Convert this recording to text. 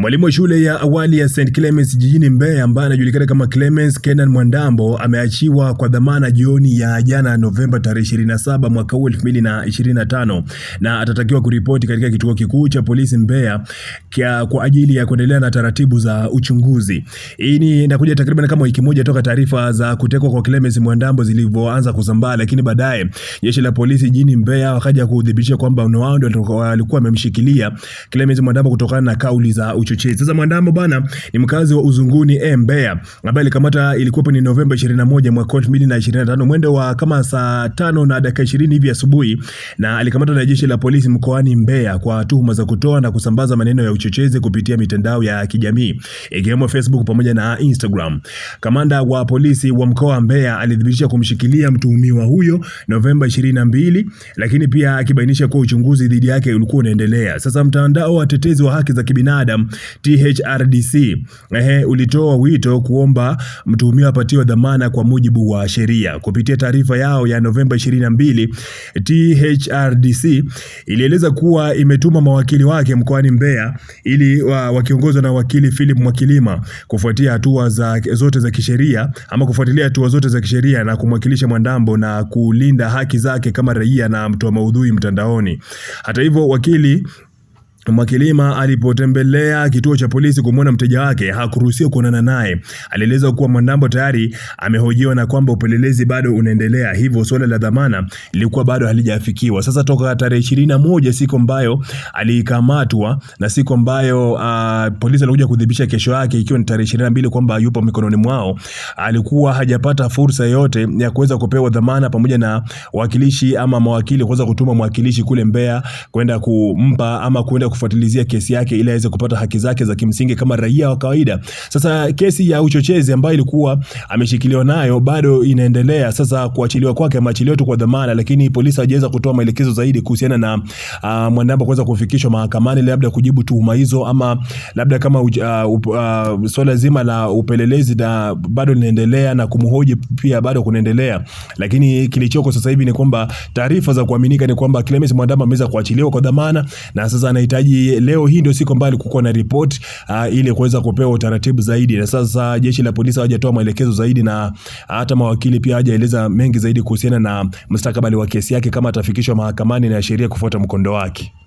Mwalimu wa shule ya awali ya St Clemens jijini Mbeya ambaye anajulikana kama Clemens Kenan Mwandambo ameachiwa kwa dhamana jioni ya jana Novemba tarehe 27 mwaka huu 2025 na atatakiwa kuripoti katika kituo kikuu cha polisi Mbeya kia kwa ajili ya kuendelea na taratibu za uchunguzi. Hii ni inakuja takriban kama wiki moja toka taarifa za kutekwa kwa Clemens Mwandambo zilivyoanza kusambaa, lakini baadaye jeshi la polisi jijini Mbeya wakaja kudhibitisha kwamba wao ndio walikuwa wamemshikilia Clemens Mwandambo kutokana na kauli za uchunguzi uchochezi. Sasa Mwandambo bwana ni mkazi wa Uzunguni e, Mbeya ambaye alikamata ilikuwa ni Novemba 21 mwaka 2025 mwendo wa kama saa tano na dakika 20 hivi asubuhi, na alikamata na jeshi la polisi mkoani Mbeya kwa tuhuma za kutoa na kusambaza maneno ya uchochezi kupitia mitandao ya kijamii ikiwemo Facebook pamoja na Instagram. Kamanda wa polisi wa mkoa wa Mbeya alithibitisha kumshikilia mtuhumiwa huyo Novemba 22, lakini pia akibainisha kuwa uchunguzi dhidi yake ulikuwa unaendelea. Sasa mtandao wa tetezi wa haki za kibinadamu THRDC ehe, ulitoa wito kuomba mtuhumiwa apatiwe dhamana kwa mujibu wa sheria. Kupitia taarifa yao ya Novemba 22, THRDC ilieleza kuwa imetuma mawakili wake mkoani Mbeya ili wakiongozwa na wakili Philip Mwakilima kufuatia hatua za, zote za kisheria ama kufuatilia hatua zote za kisheria na kumwakilisha Mwandambo na kulinda haki zake kama raia na mtoa maudhui mtandaoni. Hata hivyo wakili Mwakilima alipotembelea kituo cha polisi kumwona mteja wake hakuruhusiwa kuonana naye. Alieleza kuwa Mwandambo tayari amehojiwa na kwamba upelelezi bado unaendelea, hivyo suala la dhamana lilikuwa bado halijafikiwa. Sasa toka tarehe ishirini na moja siku ambayo alikamatwa na siku ambayo uh, polisi alikuja kudhibisha kesho yake ikiwa ni tarehe ishirini na mbili kwamba yupo mikononi mwao, alikuwa hajapata fursa yoyote ya kuweza kupewa dhamana pamoja na wakilishi ama mawakili kuweza kutuma mwakilishi kule Mbeya kwenda kumpa ama kwenda kufuatilizia kesi yake ili aweze kupata haki zake za kimsingi kama raia wa kawaida. Sasa kesi ya uchochezi ambayo ilikuwa ameshikiliwa nayo bado inaendelea. Sasa kuachiliwa kwake, ameachiliwa tu kwa dhamana, lakini polisi hajaweza kutoa maelekezo zaidi kuhusiana na uh, ah, Mwandambo kuweza kufikishwa mahakamani labda kujibu tuhuma hizo ama labda kama uh, uh, swala zima la upelelezi na bado linaendelea na kumhoji pia bado kunaendelea, lakini kilichoko sasa hivi ni kwamba taarifa za kuaminika ni kwamba Clemence Mwandambo ameweza kuachiliwa kwa dhamana na sasa anahitaji msikilizaji, leo hii ndio siku ambayo alikuwa na report uh, ili kuweza kupewa utaratibu zaidi, na sasa jeshi la polisi hawajatoa maelekezo zaidi, na hata mawakili pia hawajaeleza mengi zaidi kuhusiana na mustakabali wa kesi yake kama atafikishwa mahakamani na sheria kufuata mkondo wake.